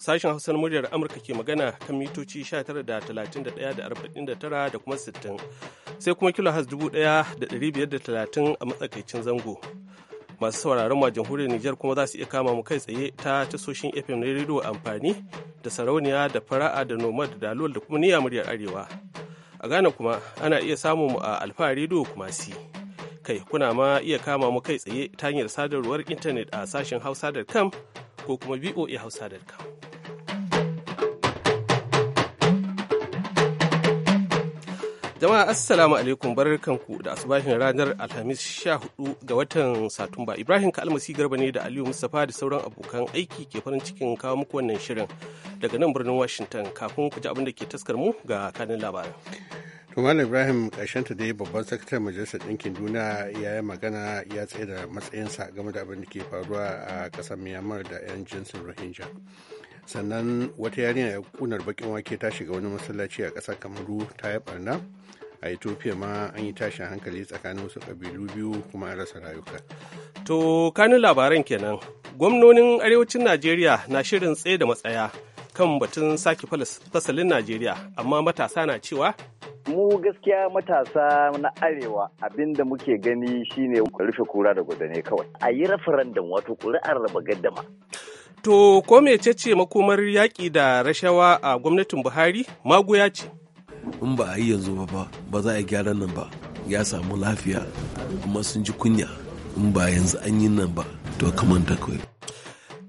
Sashen Hausar muryar Amurka ke magana kan mitoci 19 da kuma 60 sai kuma kilo 1530 a matsakaicin zango. Masu sauraron mu a jamhuriyar Nijar kuma za su iya kama mu kai tsaye ta tasoshin FM na rediyo amfani da sarauniya da fara'a da nomad da dalol da kuma niyya muryar arewa. A Ghana kuma ana iya samun mu a alfa rediyo kuma si. kai kuna ma iya kama mu kai tsaye ta hanyar sadarwar intanet a sashen hausa.com ko kuma hausa.com. Jama'a assalamu alaikum ku da asubahin ranar Alhamis sha hudu ga watan Satumba. Ibrahim Kalmasi Garba ne da Aliyu Mustapha da sauran abokan aiki ke farin cikin kawo muku wannan shirin daga nan birnin Washington kafin ku ji abin da ke taskar mu ga kanin labaran. To ibrahim Ibrahim ta dai babban sakataren Majalisar Ɗinkin Duniya ya yi magana ya tsaye da matsayinsa game da abin da ke faruwa a ƙasar Myanmar da 'yan jinsin Rohingya. sannan wata yarinya ya kunar bakin wake ta shiga wani masallaci a ƙasar kamaru ta yi barna a ethiopia ma an yi tashin hankali tsakanin wasu ƙabilu biyu kuma an rasa rayuka to kanin labaran kenan gwamnonin arewacin najeriya na shirin tsaye da matsaya kan batun sake fasalin najeriya amma matasa na cewa mu gaskiya matasa na arewa abinda muke gani shine rufe kura da gudane kawai a yi referendum wato kuri'ar raba gaddama To, ko mecece makomar yaƙi da rashawa a gwamnatin Buhari magoya ce? In ba a yi yanzu ba ba za a gyara nan ba, ya samu lafiya kuma sun ji kunya in ba yanzu an yi nan ba, to kamanta kawai.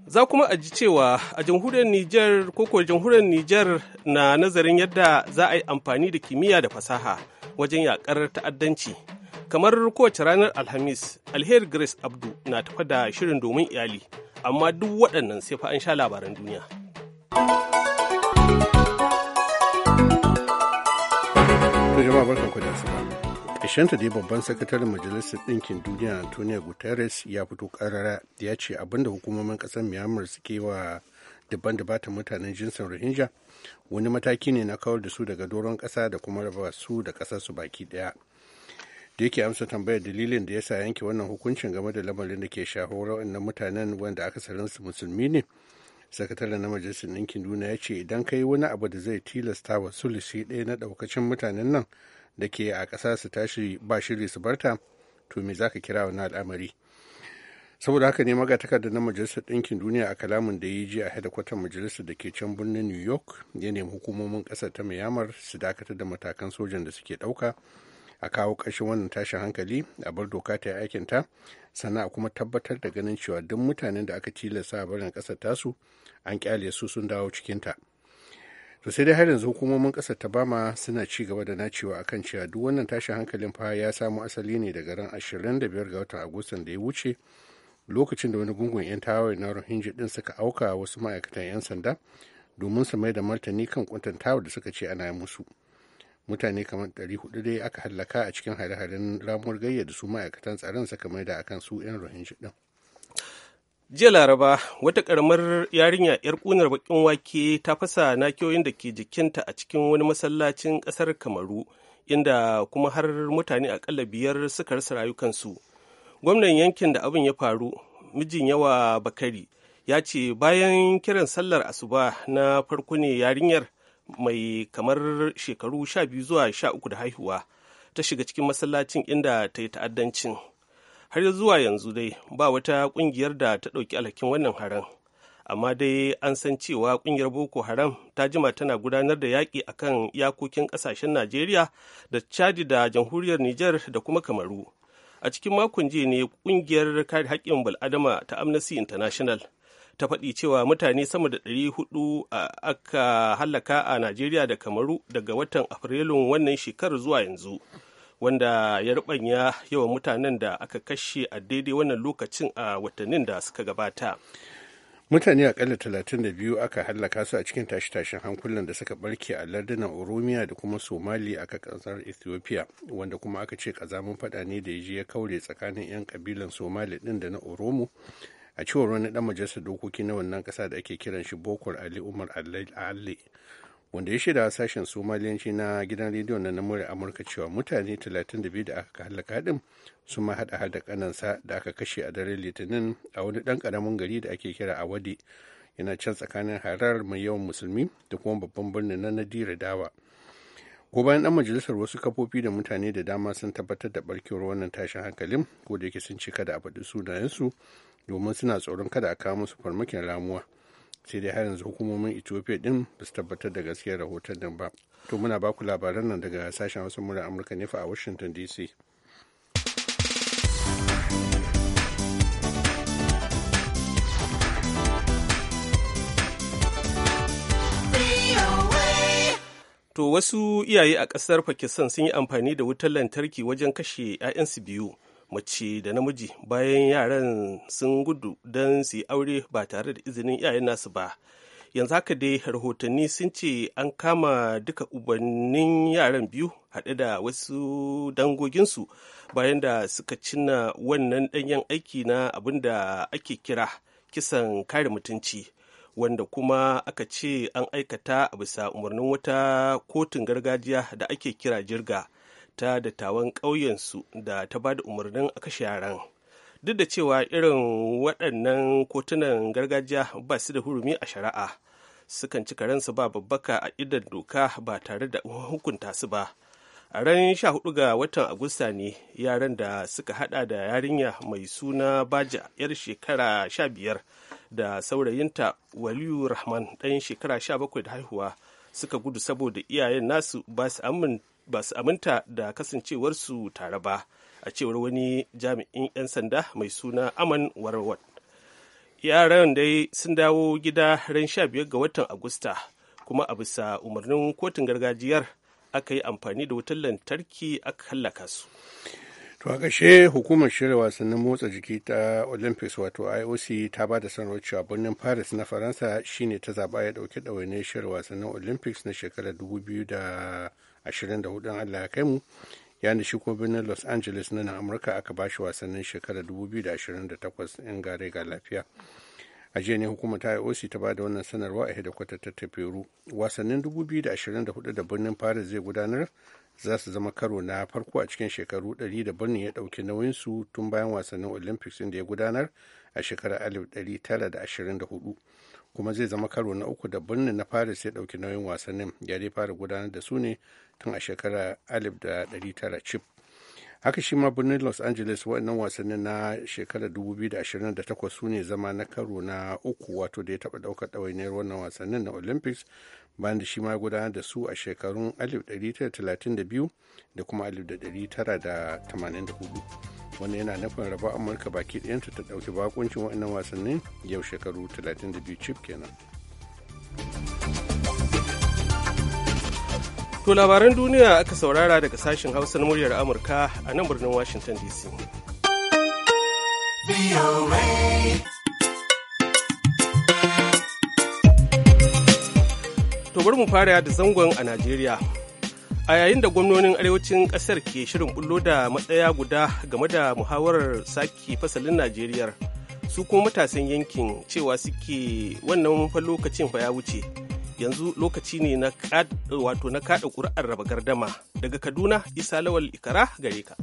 za kuma a ji cewa a jamhuriyar Nijar ko koko jamhuriyar Nijar na nazarin yadda za a yi amfani da kimiyya da fasaha wajen yaƙar ta'addanci. Kamar kowace ranar Alhamis, Alheri Grace Abdu na tafa da shirin domin iyali, amma duk waɗannan sai fa an sha labaran duniya. jama'a barkan da dai babban sakataren majalisar ɗinkin duniya antonio guterres ya fito ƙarara ya ce abinda hukumomin ƙasar myanmar suke wa daban bata mutanen jinsin rohingya wani mataki ne na kawar da su daga doron ƙasa da kuma raba su da ƙasarsu baki ɗaya da yake amsa tambayar dalilin da ya sa yanke wannan hukuncin game da lamarin da ke shahorar wannan mutanen wanda aka su musulmi ne sakataren na majalisar ɗinkin duniya ya ce idan ka yi wani abu da zai tilasta wa sulisi ɗaya na ɗaukacin mutanen nan da ke a ƙasa su tashi ba shiri su barta to me za ka kira wani al'amari saboda haka ne magatakarda na majalisar ɗinkin duniya a kalamin da ya ji a hedikwatar majalisar da ke can birnin new york ya nemi hukumomin ƙasar ta miyamar su dakatar da matakan sojan da suke ɗauka a kawo ƙarshen wannan tashin hankali a bar doka ta aikin ta sannan a kuma tabbatar da ganin cewa duk mutanen da aka tilasta a barin ƙasar tasu an kyale su sun dawo cikin ta to sai dai har yanzu hukumomin ƙasar ta bama suna ci gaba da nacewa a kan cewa duk wannan tashin hankalin fa ya samo asali ne daga ran 25 ga watan agustan da ya wuce lokacin da wani gungun 'yan tawaye na rohingya din suka auka wasu ma'aikatan 'yan sanda domin su mai da martani kan kuntantawa da suka ce ana yi musu mutane kamar hudu dai aka hallaka a cikin hare-haren ramuwar gayya da su ma'aikatan tsaron saka mai da akan su 'yan rohingya din jiya laraba wata karamar yarinya 'yar kunar bakin wake ta fasa nakiyoyin da ke jikinta a cikin wani masallacin kasar kamaru inda kuma har mutane akalla biyar suka rasa rayukansu gwamnan yankin da abin ya faru mijin yawa bakari ya ce bayan kiran sallar asuba na farko ne yarinyar mai kamar shekaru sha biyu zuwa sha uku da haihuwa ta shiga cikin masallacin inda ta yi ta'addancin har zuwa yanzu dai ba wata kungiyar da ta ɗauki alhakin wannan haram amma dai an san cewa kungiyar boko haram ta jima tana gudanar da yaƙi a kan iyakokin ƙasashen najeriya da chadi da jamhuriyar niger da kuma kamaru a cikin makon jiya ne kungiyar kare haƙƙin bal'adama ta amnesty international ta faɗi cewa mutane sama da ɗari 400 aka hallaka a najeriya da kamaru daga watan afrilun wannan shekarar zuwa yanzu wanda ya rubanya yawan mutanen da aka kashe a daidai wannan lokacin a watannin da suka gabata mutane akalla 32 aka hallaka su a cikin tashe-tashen hankulan da suka barke a lardunan oromiya da kuma somali a kasar ethiopia wanda kuma aka ce kazamin fada ne da ya je ya kaure tsakanin 'yan kabilan somali ɗin da na oromo a cewar wani dan majalisar dokoki na wannan kasa da ake kiran shi bokor ali umar ali wanda ya shaida sashen somaliyanci na gidan rediyon na namurin amurka cewa mutane 32 da aka halaka haɗin sun ma haɗa da kanansa da aka kashe a daren litinin a wani ɗan karamin gari da ake kira a wadi yana can tsakanin harar mai yawan musulmi da kuma babban birnin na nadira dawa ko bayan dan majalisar wasu kafofi da mutane da dama sun tabbatar da barkewar wannan tashin hankalin ko da yake sun cika da a faɗi sunayensu domin suna tsoron kada a kawo musu farmakin ramuwa sai dai har yanzu hukumomin ethiopia din ba su tabbatar da gaskiyar rahoton din ba to muna ba ku labaran nan daga sashen wasu murar amurka ne a washington dc To wasu iyaye a ƙasar Pakistan sun yi amfani da wutar lantarki wajen kashe 'ya'yansu biyu. mace da namiji bayan yaran sun gudu don su yi aure ba tare da izinin iyayen nasu ba yanzu haka dai rahotanni sun ce an kama duka ubannin yaran biyu haɗe da wasu dangoginsu bayan da suka cina wannan ɗanyen aiki na abin da ake kira kisan kare mutunci wanda kuma aka ce an aikata a bisa umarnin wata kotun gargajiya da ake kira jirga ta dattawan ƙauyensu da ta ba da umarnin a kashe yaran duk da cewa irin waɗannan kotunan gargajiya ba su da hurumi a shari'a sukan ci karensu ba babbaka a idan doka ba tare da hukunta su ba a ran 14 ga watan agusta ne yaran da suka hada da yarinya mai suna baja yar shekara sha biyar da saurayinta waliyu rahman ɗan shekara sha 17 da haihuwa suka gudu saboda iyayen nasu ba su ba su aminta da kasancewarsu tare ba a cewar wani jami'in 'yan sanda mai suna aman warwat yaran dai sun dawo gida ran 15 ga watan agusta kuma a bisa umarnin kotun gargajiyar aka yi amfani da wutar lantarki aka hallaka su to a ƙashe hukumar shirya wasannin motsa jiki ta olympics wato ioc ta ba da sanarwar cewa birnin paris na faransa shine ta zaba ya ɗauki ɗawainiyar shirya wasannin olympics na shekarar 2000 24 Allah ya kai mu ya nishi kuma birnin Los Angeles na nan Amurka aka ba shi wasannin shekarar 2028 in gare ga lafiya. a jiya ne hukumar ta IOC ta ba da wannan sanarwa a hedikwatar ta Peru. Wasannin 2024 da birnin Paris zai gudanar za su zama karo na farko a cikin shekaru 100 da birnin ya ɗauki su tun bayan wasannin Olympics da ya gudanar a shekarar 1924. kuma zai zama karo na uku da birnin na Paris ya ɗauki nauyin wasannin ya dai fara gudanar da su ne tun a shekarar 1900 cif haka shi ma birnin los angeles waɗannan wasannin na shekarar 2028 su ne zama na karo na uku wato da ya taɓa ɗaukar ɗawainiyar wannan wasannin na olympics bayan da shi ma gudanar da su a shekarun 1932 da kuma 1984 wannan yana nufin raba amurka baki ɗayanta ta ɗauki bakuncin waɗannan wasannin yau shekaru 32 chip kenan. To labaran duniya aka saurara daga sashen Hausa na muryar Amurka a nan birnin Washington DC. To bari mu fara da zangon a Najeriya. A yayin da gwamnonin arewacin ƙasar ke shirin bullo da matsaya guda game da muhawarar saki fasalin Najeriya, su kuma matasan yankin cewa suke wannan lokacin fa ya wuce. yanzu lokaci ne na wato na kada ƙuri'ar raba gardama daga kaduna isa lawal ikara gare ka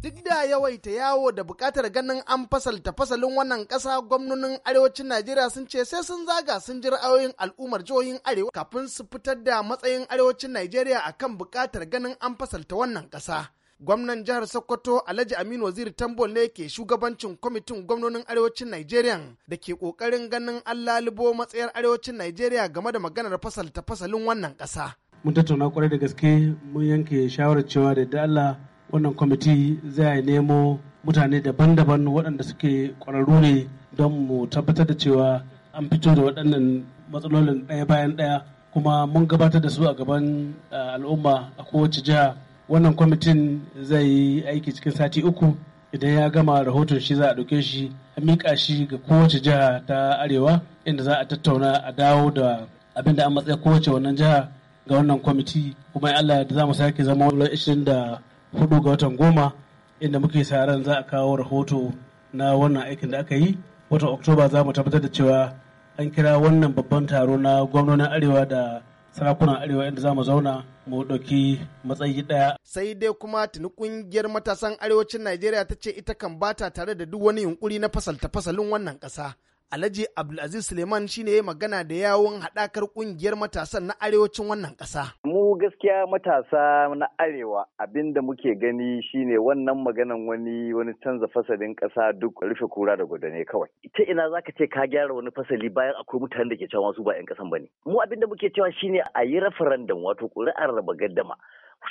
duk da yawaita yawo da bukatar ganin an fasalta fasalin wannan kasa gwamnonin arewacin najeriya sun ce sai sun zaga sun ji ra'ayoyin al'ummar jihohin arewa kafin su fitar da matsayin arewacin najeriya akan bukatar ganin an fasalta wannan kasa gwamnan jihar sokoto alhaji aminu waziri tambol ne ke shugabancin kwamitin gwamnonin arewacin nigeria da ke kokarin ganin an lalubo matsayar arewacin nigeria game da maganar fasalta fasalin wannan kasa. mun tattauna kwarai da gaske mun yanke shawarar cewa da da allah wannan kwamiti zai nemo mutane daban-daban waɗanda suke ƙwararru ne don mu tabbatar da cewa an fito da waɗannan matsalolin ɗaya bayan ɗaya kuma mun gabatar da su a gaban eh, al'umma a kowace jiha wannan kwamitin zai yi aiki cikin sati uku idan ya gama rahoton shi za a ɗauke shi a miƙa shi ga kowace jiha ta arewa inda za a tattauna a dawo da abin da an matsayi kowace wannan jiha ga wannan kwamiti kuma Allah da za mu sake zama wani ishirin da hudu ga watan goma inda muke sa ran za a kawo rahoto na wannan aikin da aka yi watan oktoba za mu tabbatar da cewa an kira wannan babban taro na gwamnonin arewa da sarakunan arewa inda za mu zauna mu ɗauki matsayi ɗaya. Sai dai kuma tuni ƙungiyar matasan arewacin Najeriya ta ce ita kan bata tare da duk wani yunƙuri na fasalta fasalin wannan ƙasa. Alhaji Abdulaziz Suleiman shine ya magana da yawon haɗakar ƙungiyar matasan na arewacin wannan ƙasa. Mu gaskiya matasa na arewa abinda muke gani shine wannan maganan wani wani canza fasalin ƙasa duk rufe kura da gudane kawai. Ita ina zaka ce ka gyara wani fasali bayan akwai mutanen da ke cewa su ba 'yan ƙasan bane. Mu abinda muke cewa shine a yi referendum wato ƙuri'ar raba gaddama.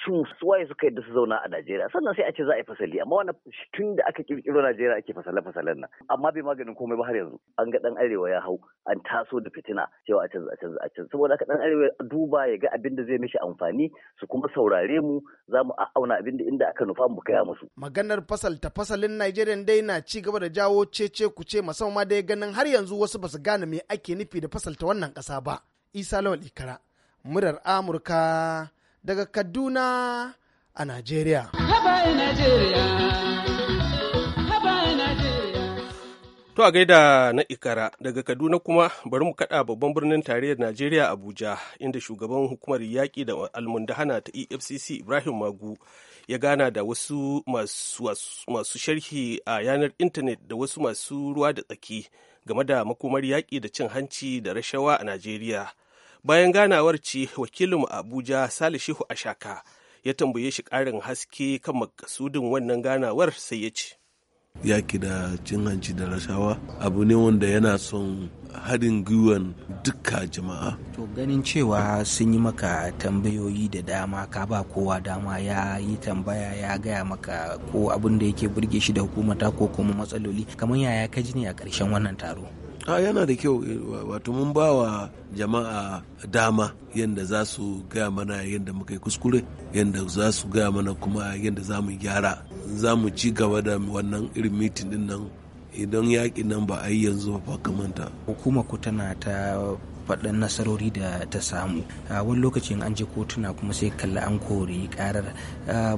sun suwaye suka yadda su zauna a Najeriya sannan sai a ce za a yi fasali amma wannan tun da aka kirkiro Najeriya ake fasale fasalen nan amma bai maganin komai ba har yanzu an ga dan arewa ya hau an taso da fitina cewa a canza a canza a canza saboda haka dan arewa duba ya ga abin da zai mishi amfani su kuma saurare mu za mu auna abin da inda aka nufa mu kaya musu maganar fasal ta fasalin Najeriya dai na ci gaba da jawo cece ku ce musamman dai ganin har yanzu wasu ba su gane me ake nufi da fasalta wannan kasa ba Isa Lawal Ikara murar Amurka daga Kaduna a Najeriya. To a gaida na Ikara daga Kaduna kuma bari mu kaɗa babban birnin tarayyar Najeriya Abuja inda shugaban hukumar yaƙi da almundahana ta EFCC Ibrahim Magu ya gana da wasu masu sharhi a yanar intanet da wasu masu ruwa da tsaki game da makomar yaƙi da cin hanci da rashawa a Najeriya. bayan ganawar ce wakilin abuja salishihu ashaka ya tambaye shi ƙarin haske kan makasudin wannan ganawar sai ya ce yaki da cin hanci da rashawa abu ne wanda yana son haɗin gwiwan duka jama'a. To ganin cewa sun yi maka tambayoyi da dama ka ba kowa dama ya yi tambaya ya gaya maka ko abin da yake burge shi da hukumata ko kuma matsaloli kamar yaya ka ji ne a ƙarshen wannan taro. a yana da kyau eh, wato mun ba wa jama'a dama yadda za su gaya mana yadda muka yi kuskure yadda za su gaya mana kuma yadda za mu gyara za mu ci gaba da wannan irin mitin din nan idan yaƙi nan ba a yi yanzu ba kamanta hukumar ku tana ta faɗin nasarori da ta samu a wani lokacin an je kotuna kuma sai kalla an kori karar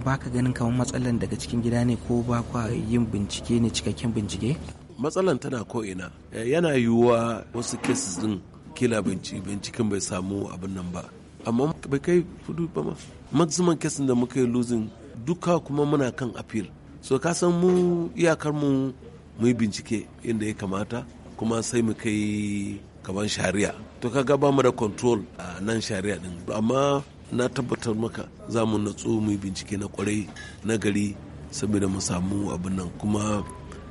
ba ka ganin kamar matsalar daga cikin gida ne ko ba kwa yin bincike ne cikakken bincike matsalan tana ko'ina eh, yana yiwuwa wasu cases din kila binciken bai samu abin nan ba amma bai kai hudu ba ma maximum kesin da muka yi losing duka kuma muna kan appeal so ka san mu iyakar mu mu yi bincike inda ya kamata kuma sai mu kai kaman shari'a to ka ba mu da control a nan shari'a din amma na tabbatar maka za mu natsu mu bincike na kwarai na gari saboda mu samu abin nan kuma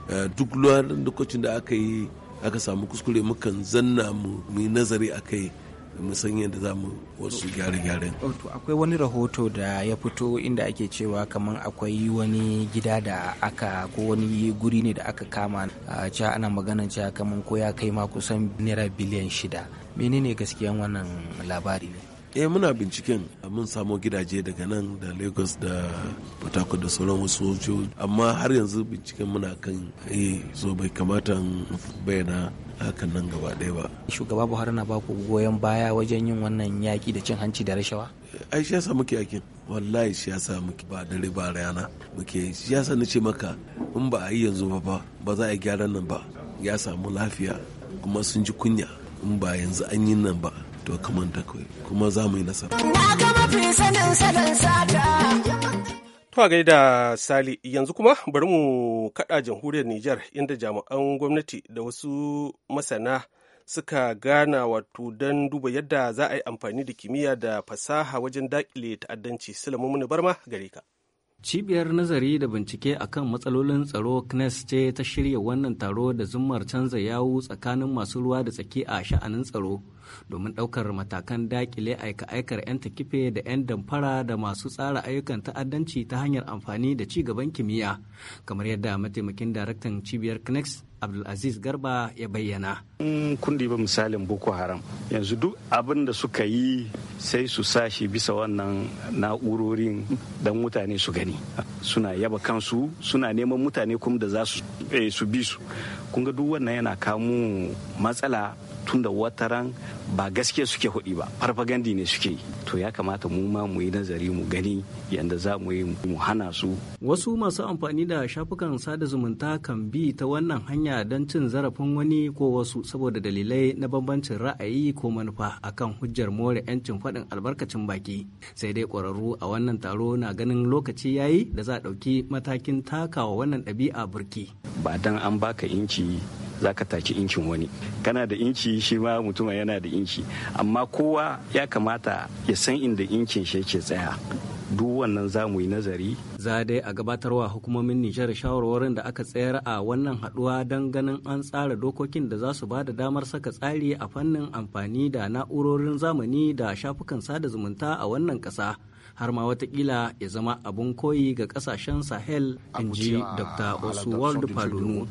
Eh, duk lokacin da aka yi aka samu kuskure mukan zanna mu yi nazari a kai mu san yadda za mu wasu gyare-gyaren. Oh, akwai wani rahoto da ya fito inda ake cewa kamar akwai wani gida da aka ko wani guri ne da aka kama ah, a ca ana magana cewa kamar ko ya kai ma kusan naira biliyan shida menene gaskiyan wannan labari ne eh muna binciken mun samo gidaje daga nan da lagos da potako da sauran wasu amma har yanzu binciken muna kan yi eh, so bai kamata bayyana hakan nan gaba ɗaya ba shugaba buhari na baku goyon baya wajen yin wannan yaki da cin hanci da rashawa ai shi yasa muke yakin wallahi shi yasa muke ba dare ba rana muke shi yasa na ce maka in ba a yi yanzu ba ba ba za a gyara nan ba ya samu lafiya kuma sun ji kunya in ba yanzu an yi nan ba to da kawai kuma za mu yi nasara. gai gaida Sali yanzu kuma bari mu kaɗa jamhuriyar Nijar inda jami'an gwamnati da wasu masana suka gana wato don duba yadda za a yi amfani da kimiyya da fasaha wajen daƙile ta'addanci. muni Barma gare ka. Cibiyar nazari da bincike a kan matsalolin tsaro CNES ce ta shirya wannan taro da zumar canza yawu tsakanin masu ruwa da tsaki a sha'anin tsaro domin ɗaukar matakan dakile aika-aikar 'yan takife da 'yan damfara da masu tsara ayyukan ta'addanci ta hanyar amfani da ci gaban kimiyya kamar yadda mataimakin daraktan cibiyar CNES abdulaziz garba ya bayyana kun ba misalin boko haram yanzu duk abin da suka yi sai su sashi bisa wannan na'urorin don mutane su gani suna yaba kansu suna neman mutane kuma da za su eh, bi su kun ga duk wannan yana kamo matsala tunda ran ba gaske suke hudi ba farfagandi ne suke yi to ya kamata mu ma mu yi nazari mu gani yadda za mu yi mu hana su wasu masu amfani da shafukan sada zumunta kan bi ta wannan hanya don cin zarafin wani ko wasu saboda dalilai na bambancin ra'ayi ko manufa akan hujjar more 'yancin faɗin albarkacin baki sai dai ƙwararru a wannan taro na ganin lokaci ya yi da za a ɗauki matakin takawa wannan ɗabi'a burki ba dan an baka inci za ka taki inkin wani kana da inci shi ma mutum yana da inci amma kowa ya kamata ya san inda incin shi yake tsaya duk wannan za mu yi nazari. Za dai a gabatarwa hukumomin Nijar shawarwarin da aka tsayar a wannan haduwa don ganin an tsara dokokin da za su ba da damar saka tsari a fannin amfani da na'urorin zamani da shafukan sada zumunta a wannan kasa. har ma watakila ya zama abun koyi ga kasashen sahel in ji dr oswald padonu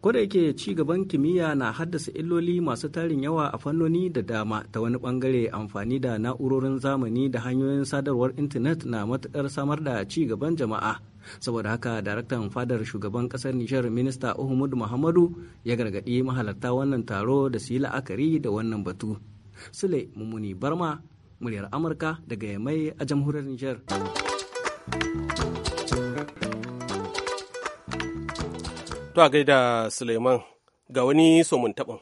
ko yake ci gaban kimiyya na haddasa illoli masu tarin yawa a fannoni da dama ta wani bangare amfani da na'urorin zamani da hanyoyin sadarwar intanet na matukar samar da ci gaban jama'a saboda haka daraktan fadar shugaban kasar nijar minista Uhumud muhammadu ya gargaɗi mahalarta wannan taro da su yi la'akari da wannan batu Sule Mumuni Barma, muryar Amurka daga Yamai a jamhuriyar Nijar. To a gaida Suleiman ga wani somun taɓin.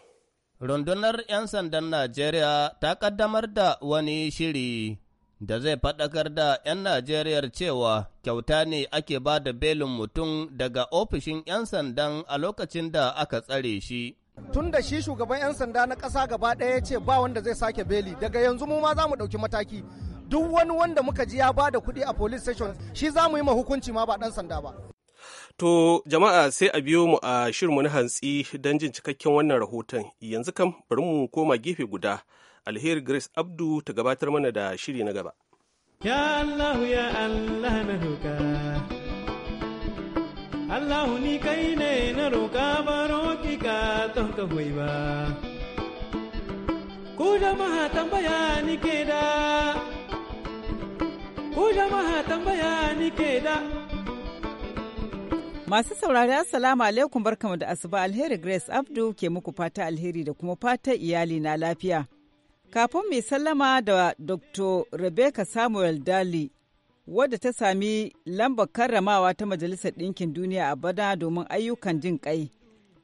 Rundunar 'yan sandan Najeriya ta ƙaddamar da wani shiri da zai faɗakar da 'yan Najeriya cewa kyauta ne ake ba da belin mutum daga ofishin 'yan sandan a lokacin da aka tsare shi. tun da shi shugaban 'yan sanda na kasa gaba ɗaya ya ce ba wanda zai sake beli daga yanzu mu ma za mu ɗauki mataki duk wani wanda muka ji ya bada kuɗi a police station shi za mu yi ma hukunci ma ba dan sanda ba. To jama'a sai a biyo mu a shirinmu na hantsi don jin cikakken wannan rahoton yanzu kam bari mu koma gefe guda alheri Grace Abdu ta gabatar mana da shiri na gaba. Ya Allah ya Allah na Allah ni kai ne na roƙa baro ki ka ton ka ba. Ku jama'a tambaya ni ke da, ku jama'a tambaya ni ke da. Masu saurari Assalamu alaikum barkamu da asuba alheri Grace Abdu ke muku fata alheri da kuma fata iyali na lafiya. Kafin mai sallama da Dr. Rebecca Samuel Dali wadda ta sami lambar karramawa ta Majalisar Ɗinkin Duniya a bada domin ayyukan jin ƙai.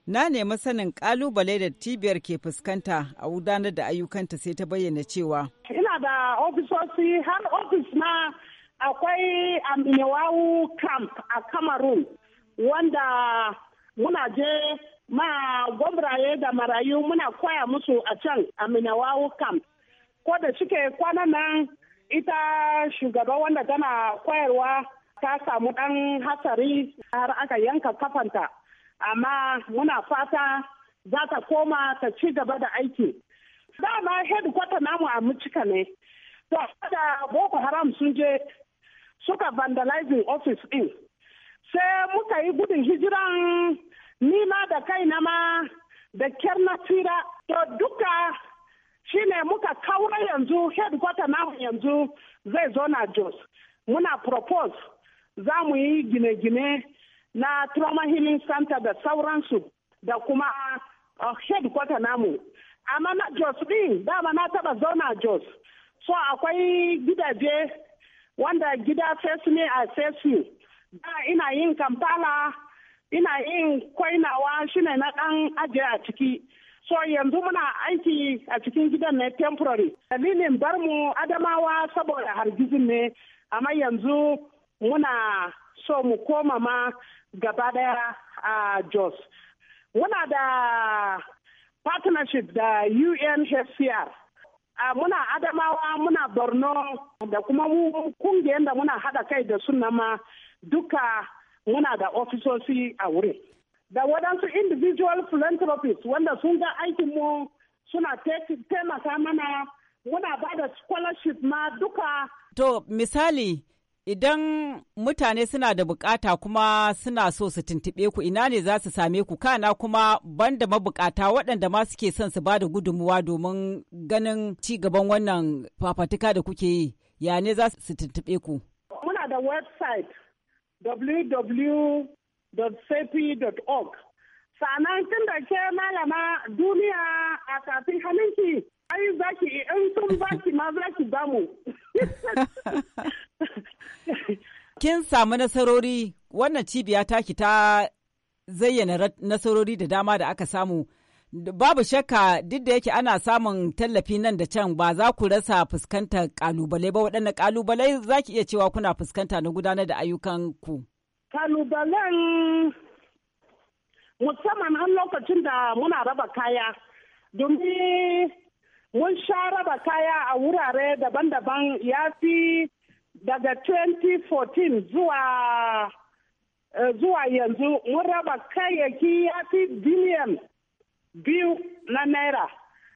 Na nemi sanin ƙalubale da tibiyar ke fuskanta a gudanar da ayyukanta sai ta bayyana cewa. Ina da ofisoshi har ofis na akwai Amnewawu camp a Cameroon wanda muna je ma gwamraye da marayu muna koya musu a can Amnewawu camp. Ko da suke kwanan nan ita shugaba wanda tana koyarwa ta samu ɗan hatsari har aka yanka kafanta amma muna fata za ta koma ta ci gaba da aiki dama headquarter namu a mucika ne to da boko haram sun je suka vandalizing office din sai muka yi gudun hijiran nima da kaina ma da kyar na tsira to duka shine muka kaura yanzu headquarter namu yanzu zai zo na jos muna propose za mu yi gine-gine na trauma healing center da sauransu da kuma a uh, headquarter namu amma na jos din dama na taba zauna jos so akwai gidaje wanda gida fesu ne a fesu da ina yin kampala ina yin kwainawa shine na dan ajiye a ciki So yanzu muna aiki a cikin gidan ne temporary. Dalilin bar mu Adamawa saboda hargizin ne, amma yanzu muna so mu koma ma gaba daya a Jos. Muna da partnership da UNHCR. Uh, muna Adamawa, muna Borno da kuma mu kungiyar da muna haɗa kai da su ma duka muna da ofisoshi a wurin. da waɗansu individual philanthropists wanda sun ga aikinmu suna taimaka mana muna ba da scholarship ma duka. To misali idan mutane suna da bukata kuma suna so su tuntuɓe ku ina ne za su same ku kana kuma banda mabukata waɗanda ma suke son su ba da gudunmuwa domin ganin ci gaban wannan fafatuka da kuke yi ya ne za su tuntuɓe ku. Muna da website www www.sepi.org sannan tun da ke malama duniya a kafin halinki ai za ki in sun ba ma za ki damu. Kin samu nasarori wannan cibiya taki ta zayyana nasarori da dama da aka samu. Babu shakka duk da yake ana samun tallafi nan da can ba za ku rasa fuskantar kalubale ba waɗannan kalubale za ki iya cewa kuna fuskanta na gudanar da ayyukan ku. kalubalen musamman an lokacin da muna raba kaya domin mun sha raba kaya a wurare daban-daban ya fi daga 2014 zuwa eh, zuwa yanzu mun raba kayayyaki ya fi biliyan biyu na naira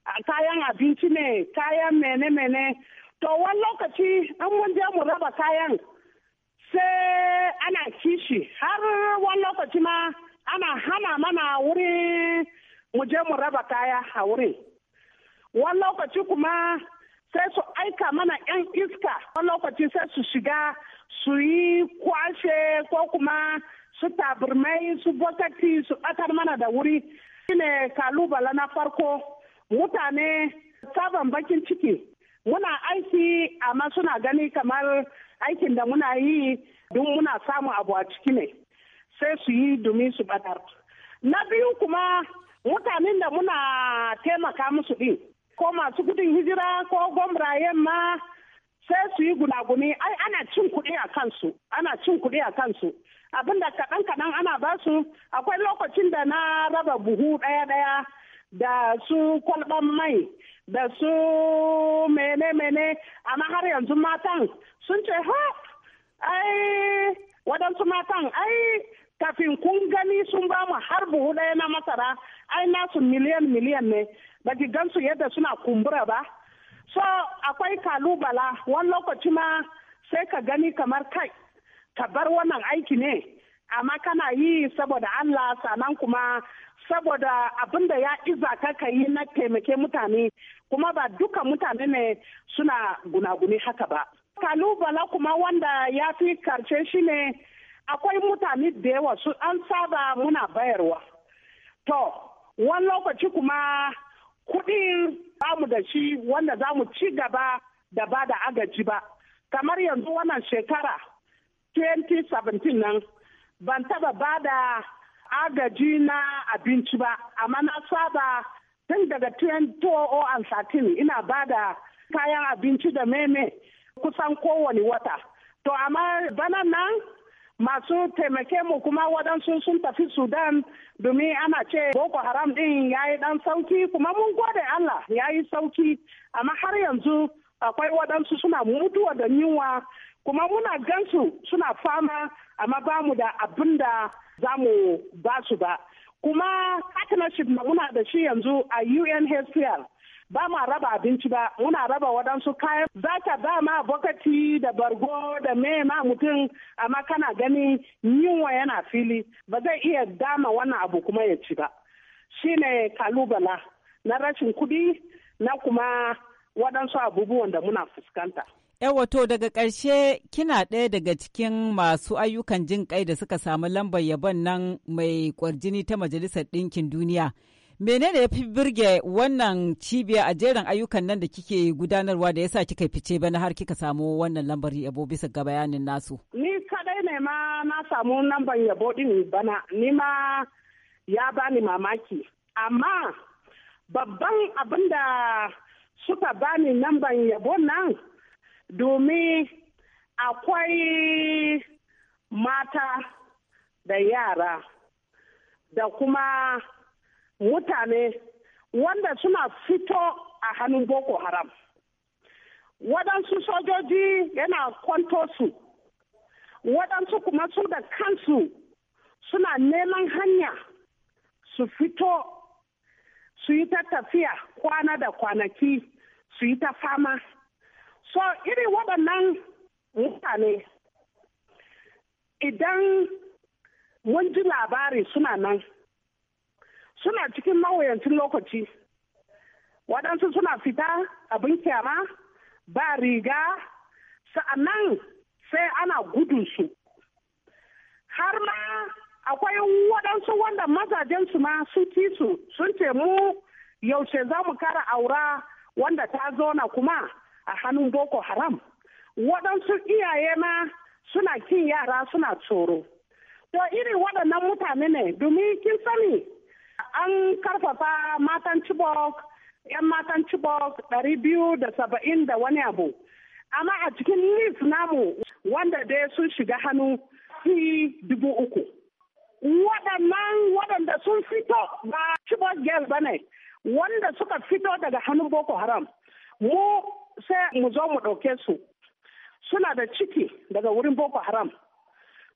A kayan abinci ne kayan mene-mene to wani lokaci an mun je mu raba kayan sai ana kishi har wani lokaci ma ana hana mana wuri mu je mu raba kaya a wurin wani lokaci kuma sai su aika mana 'yan iska wani lokaci sai su shiga su yi kwashe ko kuma su taburmai su bokati su ɓatar mana da wuri shine kalubala na farko mutane sabon bakin ciki muna aiki amma suna gani kamar aikin da muna yi duk muna samun abu a ciki ne sai su yi domin su badar na biyu kuma mutanen da muna taimaka musu din ko masu gudun hijira ko gwamrayen ma sai su yi gunaguni ai ana cin kuɗi a kansu ana cin kuɗi a kansu abinda kaɗan kaɗan ana ba su akwai lokacin da na raba buhu ɗaya ɗaya da su kwalban mai da su mene mene amma har yanzu matan sun ce ha ai waɗansu matan ai kafin kun gani sun ba mu har buhu ɗaya na masara ai nasu miliyan miliyan ne ba ki gansu yadda suna kumbura ba so akwai kalubala wani lokaci ma sai ka gani kamar kai ka bar wannan aiki ne amma kana yi saboda Allah sannan kuma saboda abin da ya iza ka ka yi na taimake mutane kuma ba duka mutane ne suna gunaguni haka ba Kalubala kuma wanda ya fi karshe shine akwai mutane da yawa su an saba muna bayarwa. To, wani lokaci kuma kuɗi ba mu da shi wanda za mu ci gaba da ba da agaji ba. Kamar yanzu wannan shekara 2017 nan ban taba ba da agaji na abinci ba, amma na saba tun daga 2013 ina ba da kayan abinci da meme kusan kowane wata. To amma bana nan masu taimake mu kuma waɗansu sun tafi Sudan domin ana ce Boko Haram ɗin ya yi ɗan sauki kuma mun gode Allah ya yi sauki amma har yanzu akwai waɗansu suna mutuwa da yunwa kuma muna gansu suna fama amma ba mu da abin da za mu ba su ba. Kuma partnership da muna da shi yanzu a UNHCR ba ma raba abinci ba muna raba waɗansu kayan za ka ba ma bokati da bargo da me ma mutum amma kana ganin yunwa yana fili ba zai iya dama wannan abu kuma ya ci ba shine kalubala na rashin kuɗi na kuma waɗansu abubuwan da muna fuskanta. wato daga ƙarshe kina ɗaya daga cikin masu ayyukan jin kai da suka samu lambar yabon nan mai kwarjini ta Majalisar Ɗinkin Duniya. menene ya fi birge wannan cibiya a jerin ayyukan nan da kike gudanarwa da yasa kika fice bana har kika samu wannan lambar yabo bisa ga bayanin nasu ni kadai ne ma na samu lambar yabo din bana ni ma ya bani mamaki amma babban abin da suka bani lambar yabo nan domin akwai mata da yara da kuma mutane wanda suna fito a hannun boko haram waɗansu sojoji yana kwanto su waɗansu kuma su da kansu suna neman hanya su fito su yi ta tafiya kwana da kwanaki su yi ta fama so iri waɗannan mutane idan mun ji labari suna nan suna cikin mawuyancin lokaci waɗansu suna fita abin kyama ba riga sa'annan sai ana gudunsu har ma akwai waɗansu wanda mazajensu ma su ci su sun ce mu yaushe za mu kara aura wanda ta zona kuma a hannun boko haram waɗansu iyaye ma suna kin yara suna tsoro to iri waɗannan mutane ne domin kin sani An karfafa matan Chibok, 'yan matan Chibok ɗari biyu da saba'in da wani abu. Amma a cikin list namu wanda dai sun shiga hannu fi dubu uku. Waɗannan waɗanda sun fito ba Chibok girl ba ne, wanda suka fito daga hannun Boko Haram. Mu sai mu zo mu ɗauke su. Suna da ciki daga wurin Boko Haram.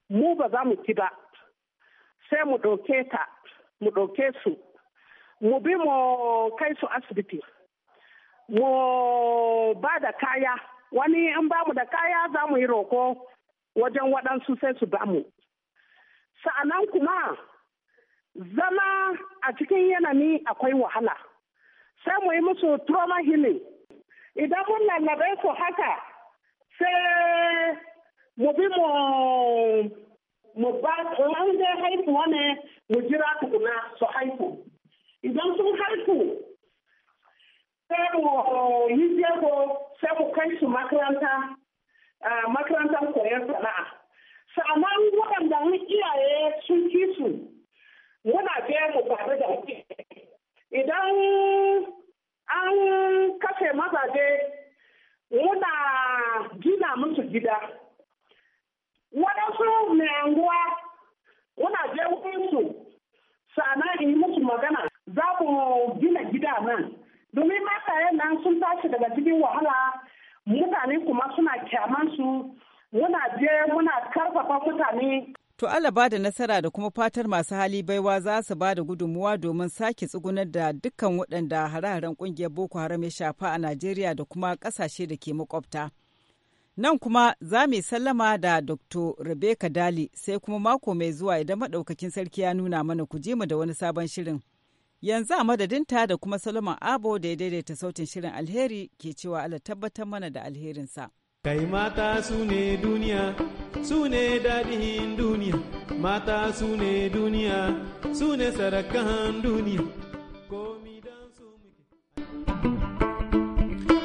Mu ba za mu ki ba. Sai mu ɗauke ta mu ɗauke su mu bi mu kai su asibiti mu ba da kaya wani in ba mu da kaya za mu yi roko wajen waɗansu sai su ba mu sa'anan kuma zama a cikin yanami akwai wahala sai mu yi musu trauma healing idan mun lallabe su haka sai mu bi mu mu ba in an zai haihuwa na mu jira su haihu idan sun haihu sai mu eh, yi jego sai mu kai su makaranta eh, makarantar koyar sana'a sa'anan waɗanda iyaye sun ki su muna biya mu tare da idan an kashe mazaje muna gina musu gida mu gina gida nan domin matayen nan sun tashi daga cikin wahala mutane kuma suna kyaman su muna je muna karfafa mutane To Allah ba da nasara da kuma fatar masu hali baiwa za su ba da gudunmuwa domin sake tsugunar da dukkan waɗanda hare-haren ƙungiyar Boko Haram ya shafa a Najeriya da kuma ƙasashe da ke makwabta. Nan kuma za mu sallama da Dr. Rebecca Dali sai kuma mako mai zuwa idan maɗaukakin sarki ya nuna mana ku je mu da wani sabon shirin. Yanzu a madadinta da kuma Solomon Abo da ya daidaita sautin shirin alheri ke cewa Allah tabbatar mana da alherinsa. Kai mata su ne duniya, su ne daɗin duniya, mata su ne duniya, su ne sarakan duniya.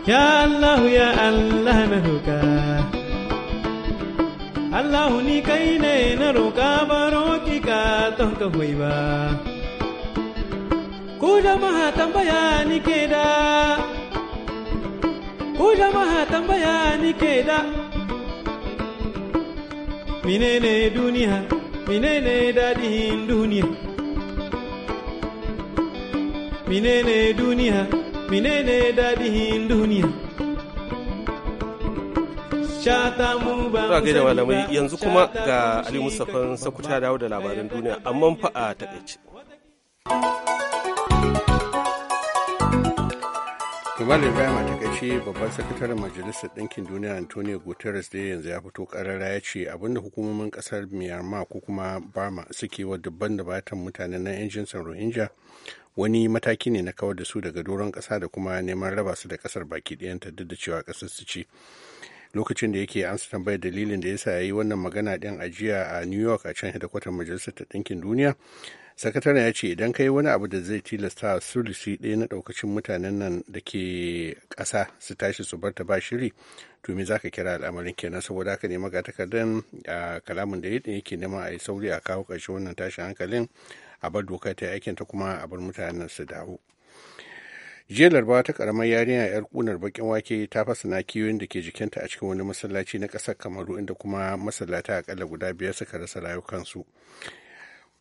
Ya Allah ya Allah na roƙa, Allah ni kai ne na roƙa baro ki ka ton ka ba. ku jama'a tambaya ni ke da ku jama'a tambaya ni ke da menene duniya menene dadihin duniya menene duniya menene dadihin duniya Za gaida malamai yanzu kuma ga Ali Mustapha Sakuta dawo da labaran duniya amma fa a takaice. Malam Ibrahim ta kashe babban sakataren Majalisar Ɗinkin Duniya Antonio Guterres da yanzu ya fito karara ya ce abinda hukumomin ƙasar Myanmar ko kuma Burma suke wa dubban da batan mutane na 'yan jinsin Rohingya wani mataki ne na kawar da su daga doron ƙasa da kuma neman raba su da ƙasar baki ɗayanta duk da cewa ƙasar su ce. lokacin da yake an tambayar dalilin da ya sa ya yi wannan magana ɗin ajiya a new york a can hedikwatar majalisar ta ɗinkin duniya sakataren ya ce idan kai wani abu da zai tilasta sulusi ɗaya na ɗaukacin mutanen nan da ke ƙasa su tashi su ta ba shiri to me za ka kira al'amarin kenan saboda haka ne magatakardan a kalamin da yadda yake nema a yi sauri a kawo ƙarshe wannan tashin hankalin a bar doka ta ta kuma a bar mutanen su dawo jiya larbawa ta karamar yarinya yar kunar bakin wake ta fasana kiyoyin da ke jikinta a cikin wani masallaci na ƙasar kamaru inda kuma masallata a akalla guda biyar suka rasa rayukansu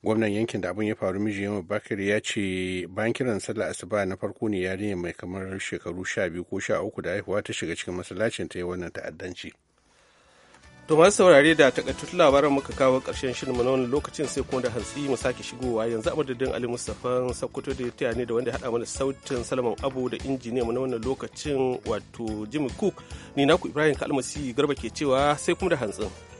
gwamnan yankin da abin ya faru miji yamma bakar ya ce bayan kiran sallah asuba na farko ne yarinya mai kamar shekaru sha biyu ko sha uku da haihuwa ta shiga cikin masallacin ta yi wannan ta'addanci to masu saurare da takaitattun labaran muka kawo karshen shirin na wani lokacin sai kuma da hantsi mu sake shigowa yanzu a ali mustapha sakkwato da ya ne da wanda ya haɗa mana sautin salaman abu da injiniya mu na wannan lokacin wato jimmy cook ni naku ibrahim kalmasi garba ke cewa sai kuma da hantsin